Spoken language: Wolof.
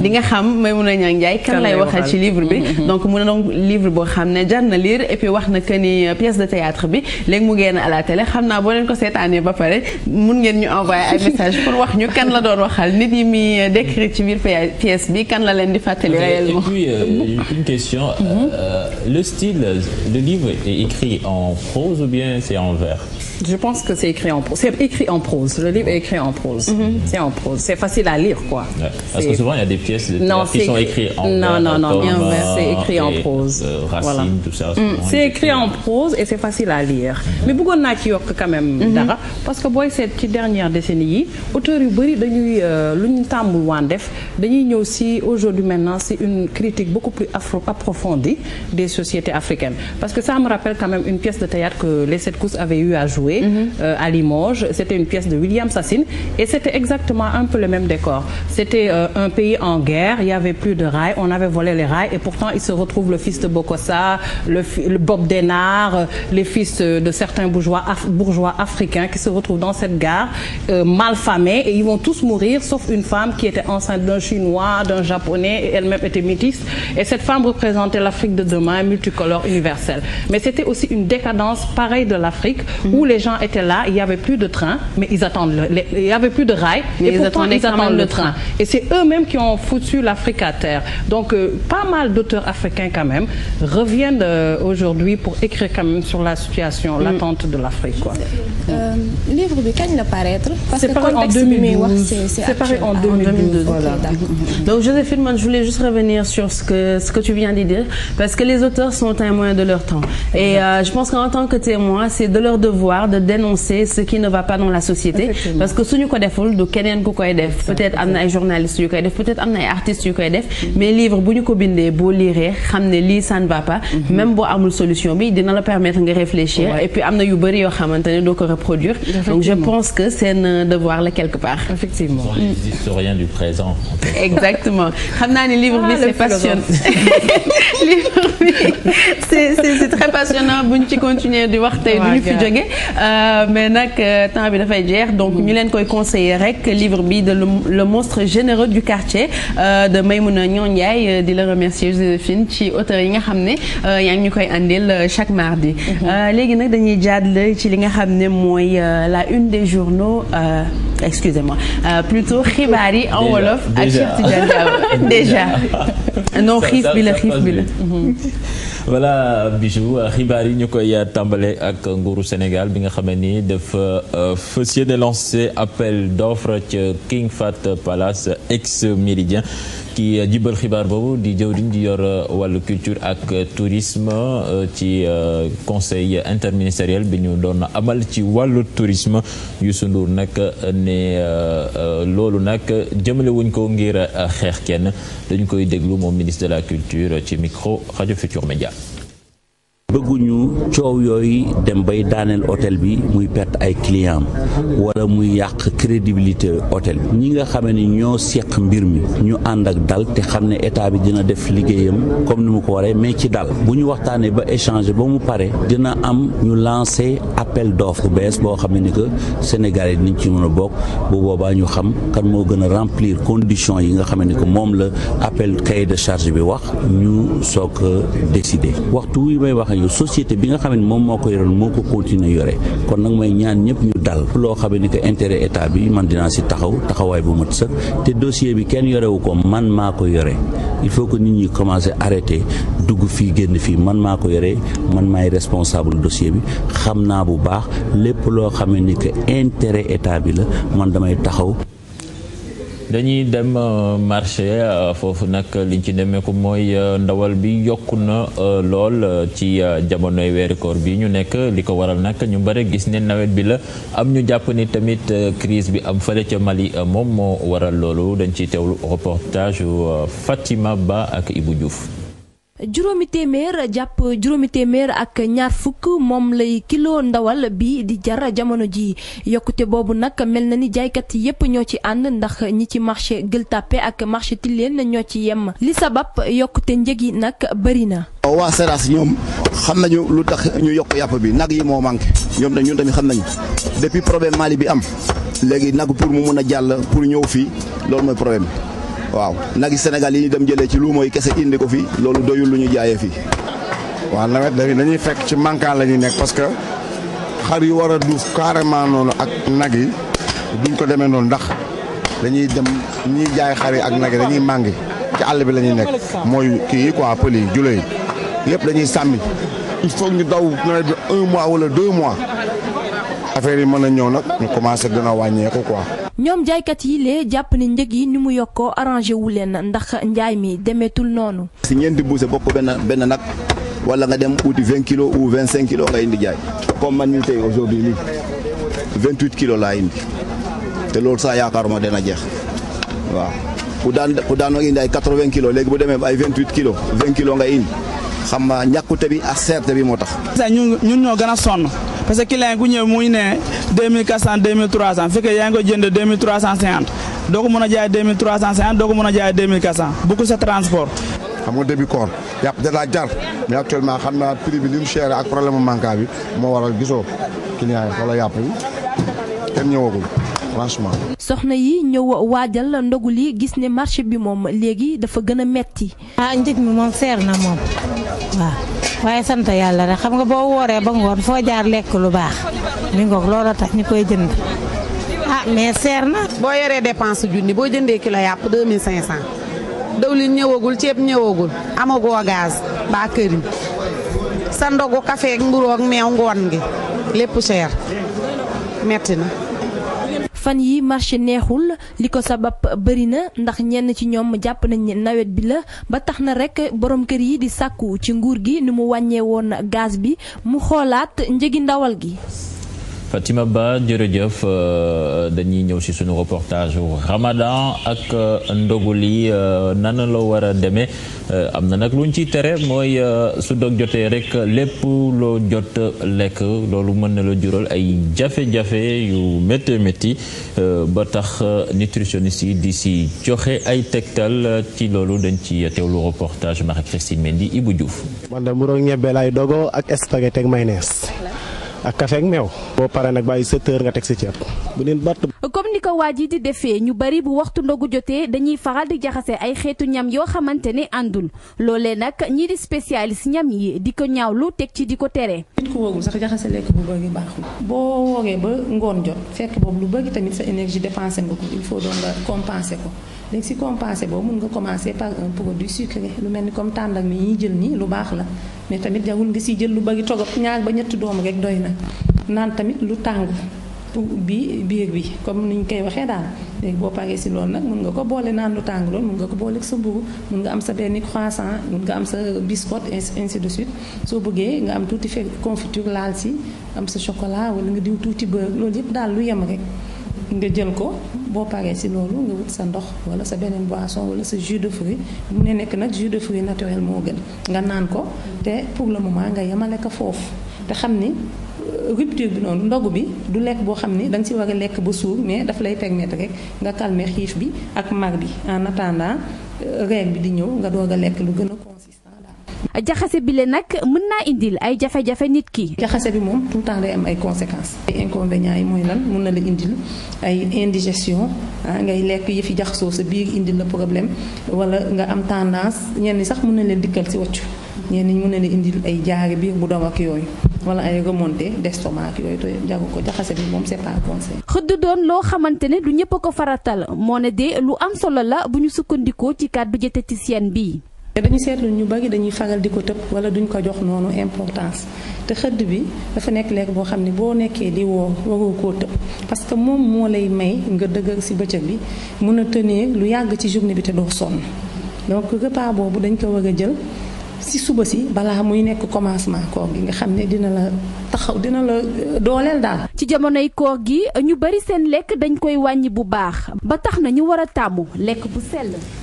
di nga xam Maimouna Niang Ndiaye kan lay waxal ci livre bi mm-hmm. donc mu ne donc livre boo xam ne jar na lire et wax na que ni euh, pièce de théâtre bi léegi mu génn à la télé xam naa boo leen ko seetaanee ba pare mun ngeen ñu envoyé ay message pour wax ñu kan la doon waxal nit yi muy euh, décrit ci biir pièce bi kan la leen di fàttali réellement. et puis euh, mm-hmm. euh, le style le livre est écrit en prose ou bien c'est en vers. je pense que c'est écrit en prose c'est écrit en prose le mm-hmm. a pièces de non, qui sont écrites en Non, non, non, non c'est écrit en prose. C'est facile à lire. Mm-hmm. mais bëggoon naa ci yokk quand même. Mm-hmm. dara parce que booy seet ci dernière décennie yi auteurs yu bëri dañuy euh, lu ñu tàmbul waan def dañuy ñëw si aujourd'hui maintenant c'est une critique beaucoup plus afro approfondie des sociétés africaines parce que ça me rappelle quand même une pièce de théâtre que les Sept Cousses avaient eu à jouer. Mm-hmm. Euh, à Limoges c'était une pièce de William Sassine et c'était exactement un peu le même décor c'était euh, en guerre, il n'y avait plus de rails, on avait volé les rails et pourtant il se retrouve le fils de Bokossa, le, le Bob Denard, euh, les fils euh, de certains bourgeois, af, bourgeois africains qui se retrouvent dans cette gare euh, mal famée et ils vont tous mourir sauf une femme qui était enceinte d'un chinois, d'un japonais, elle-même était métisse et cette femme représentait l'Afrique de demain multicolore universelle. Mais c'était aussi une décadence pareille de l'Afrique mm. où les gens étaient foutu l'Afrique à terre. Donc, euh, pas mal d'auteurs africains quand même reviennent euh, aujourd'hui pour écrire la situation, mm. l'attente de euh, la paraître. que contexte bi muy wax c'est ah, mm-hmm. donc Joséphine man je voulais juste revenir sur ce que tu viens de dire les auteurs sont de leur temps. et euh, je pense qu'en tant que témoin c'est de leur devoir de dénoncer ce qui ne la société. parce que suñu ko deful du peut-être am na ay journalistes na ay artistes yu koy def mais livre bu ñu ko bindee boo liiree xam ne lii ça ne va pas mhm. même boo amul solution bi dina la permettre nga réfléchir et puis am na yu bëri yoo xamante ne doo ko reproduire donc je pense que seen euh, devoir la quelque part exactement xam naa ni livre bi se ah, passionnant livre bi c'est c'est très passionnant buñ ci continuer di wax tey duñu fi jóge euh, mais nag euh, temps bi dafay jeex donc mhm. ñu leen koy conseiller rek livre bi de le monstre généreux du quartier Euh, de Maymouna Niang Ndiaye euh, di la remercier Joséphine ci auteurs yi nga xam ne euh, yaa ñu koy andil chaque mardi. Mhm. léegi nag dañuy jaadle ci li nga xam ne mooy la une des journaux excusez-moi plutôt xibaar yi en wolof. ak Cheikh Tidiane déjà non xiif bi la xiif voilà bijou euh, xibaar yi ñu koy euh, tàmbalee ak nguuru Sénégal bi nga xam ni dafa euh, fas yéene lancé appel d'offre ca King Fahd Palace ex méridien ki jibal xibaar boobu di jëwriñ di yor wàllu culture ak tourisme ci conseil interministériel bi ñu doon amal ci wàllu tourisme Youssou Ndour nag ne loolu nag jëmalewuñ ko ngir xeex kenn dañu koy déglu moom ministre de la culture ci micro xajo Futur Média bëgguñu coow yooyu dem bay daaneel hôtel bi muy perte ay client wala muy yàq crédibilité hôtel bi ñi nga xamee ni ñoo seq mbir mi ñu ànd ak dal te xam ne état bi dina def liggéeyam comme ni mu ko waree mais ci dal bu ñu waxtaanee ba échanger ba mu pare dina am ñu lancer appel d'offre bees boo xam ne ni que Sénégalais dinañ ci mën a bokk bu boobaa ñu xam kan moo gën a remplir conditions yi nga xam ne que moom la appel cahier de charge bi wax ñu soog a décider yu société bi nga xam ne moom moo ko yoroon moo ko continuer yore kon nag mooy ñaan ñëpp ñu dal loo xam ne que intérêt état bi man dinaa si taxaw taxawaay bu mat sëkk te dossier bi kenn yorewu ko man maa ko yore il faut que nit ñi commencé arrêté dugg fii génn fii man maa ko yore man maay responsable dossier bi xam naa bu baax lépp loo xam ne que intérêt état bi la man damay taxaw dañuy dem euh, marché euh, foofu nag liñ ci nemmeeku mooy euh, ndawal bi yokku na lool ci jamonoy weeru koor bi ñu nekk li ko waral nag ñu bëri gis ne nawet bi la am ñu jàpp ni tamit crise bi am fële ca Mali moom moo waral loolu dañ ciy teewlu reportage Fatima Ba ak Ibou juuf juróomi téeméer jàpp juróomi téeméer ak ñaar fukk moom lay kilo ndawal bi di jar jamono ji yokkute boobu nag mel na ni jaaykat yépp ñoo ci ànd ndax ñi ci marché Gueule Tapée ak marché na ñoo ci yem li sabab yokkute njëg yi nag bëri na. waa Seras ñoom xam nañu lu tax ñu yokk yàpp bi nag yi moo manqué ñoom dañ ñun tamit xam nañu depuis problème Mali bi am léegi nag pour mu mun a jàll pour ñëw fii loolu mooy problème bi. waaw nag yi Sénégal yi ñu dem jëlee ci lu mooy kese indi ko fi loolu doyul lu ñuy jaayee fii. waaw nawet dañuy fekk ci mankaan la ñuy nekk parce que xar yu war a duuf carrément noonu ak nag yi duñ ko demee noonu ndax dañuy dem ñuy jaay xar yi ak nag yi dañuy màngi ci àll bi lañuy nekk mooy kii yi pël yi jula yi yëpp dañuy sàmmi il faut ñu daw nawet bi un mois wala deux mois affaire yi mën a ñëw nag ñu commencé dina wàññeeku quoi. ñoom jaaykat yi lee jàpp ne njëg yi ni mu yokkoo arrangé wu leen ndax njaay mi demeetul noonu. si ñeenti buuse bokk benn benn nag wala nga dem uti 20 kilos ou 25 kilos nga indi jaay comme man mii tey aujourd'hui nii 28 kilos laa indi loolu sax yaakaaruma dana jeex waaw ku daan ku daanoo indi ay 80 kilos léegi bu demee ay 28 kilos 20 kilos nga indi. xam nga ñàkkute bi ak seerte bi moo tax. ñun ñoo gën a sonn parce que client gu ñëw muy ne 2400 2300 fekkee yaa ngi koy jënd 2350 doo ko mën a jaay 2350 doo a jaay 2400 beaucoup sa transport. xam nga début koor yàpp da daa jar mais actuellement xam naa prix bi mu cher ak problème mu manquant bi moo waral gisoo client yi wala yàpp yi kenn ñëwagul. franchement. soxna yi ñëw waajal ndogu li gis ne marché bi moom léegi dafa gën a metti. ah njëg mi moom seer na moom waaw waaye sant yàlla rek xam nga boo wooree ba ngoon foo jaar lekk lu baax mi ngoog loola tax ñu koy jënd ah mais seer na. boo yoree depanse junni boo jëndee kilo yàpp 2500 dawlin ñëwagul ceeb ñëwagul amagoo gaz baa kër yi sa ndogu café ak mburu meew ngoon gi lépp cher metti na. fan yi marché neexul li ko sabab bari na ndax ñenn ci ñoom jàpp nañ nawet bi la ba tax na rek boroom kër yi di sàkku ci nguur gi ni mu wàññee woon gaz bi mu xoolaat njëgi ndawal gi Fatima Ba jërëjëf euh, dañuy ñëw si suñu reportage wu Ramadan ak euh, ndogu li euh, nana la war a demee am na nag lu ñu ciy tere mooy su dog jotee rek lépp loo jot lekk loolu mën na la jural ay jafe-jafe yu métti métti ba tax nutritionniste yi di si joxe ay tegtal ci loolu dañ ci teewlu reportage Marie Christine Mendy Ibou Diouf. man ak café ak meew. boo paree nag bàyyi 7 heures nga teg sa ceeb. bu leen comme ni ko waa ji di defee ñu bari bu waxtu ndogu jotee dañuy faral di jaxasee ay xeetu ñam yoo xamante ne àndul loole nag ñii di spécialiste ñam yi di ko ñaaw ñaawlu teg ci di ko tere. nit ku woogul sax jaxase lekk bu bëri baaxul boo woogee ba ngoon jot fekk boobu lu bëri tamit sa énergie dépensé nga ko il faut doon nga compenser ko. léegi si compensé boo mun nga commencer par un produit sucré lu mel ni comme tàndak mi ñuy jël nii lu baax la mais tamit jagul nga siy jël lu bëri togop ñaar ba ñetti doom rek doy na naan tamit lu tàng bi biir bi comme ni ñu koy waxee daal léegi boo paree si loolu nag mun nga ko boole naan lu tàng loolu mun nga ko boole sa mburu mun nga am sa benn croissant mun nga am sa biscotte ainsi de suite soo bëggee nga am tuuti fekk confiture laal si am sa chocolat wala nga diw tuuti beurre loolu yëpp daal lu yem rek nga jël ko boo paree si loolu nga wut sa ndox wala sa beneen boisson wala sa jus de fruit mu ne nekk nag jus de fruit naturel moo gën nga naan rupture bi noonu ndogu bi du lekk boo xam ni danga nga ci war a lekk ba suur mais daf lay permettre rek nga calmer xiif bi ak mar bi en attendant reer bi di ñëw nga doog a lekk lu gën a consistant daal. jaxase bi le nag mën naa indil ay jafe-jafe nit jaxase bi moom tout le temps day am ay conséquences. ay inconvénients yi mooy lan mun na la indil ay indigestion ah, ngay lekk yëfi jaxasoo sa biir indil la problème wala nga am tendance ñenn sax mun na leen dikkal ci wàccu. ñenn ñi mën na la indil ay jaare biir bu daw yooyu wala ay remontée d'estomac yooyu te jaru ko jaxase bi moom c'est conseil. xëdd doon loo xamante ne du ñëpp a ko faratal moo ne de lu am solo la bu ñu sukkandikoo ci bi kàddu diététicienne bi. te dañu seetlu ñu bari dañuy faral di ko tëb wala duñ ko jox noonu importance te xëdd bi dafa nekk lekk boo xam ne boo nekkee di woo waroo koo tëb parce que moom moo lay may nga dëgër ci bëccëg bi mën a tenir lu yàgg ci journée bi doo sonn donc si suba si balaa muy nekk commencement koor gi nga xam ne dina la taxaw dina la euh, dooleel daal. ci jamonoy koor gi ñu bari seen lekk dañ koy wàññi bu baax ba tax na ñu war a tàmmu lekk bu sell.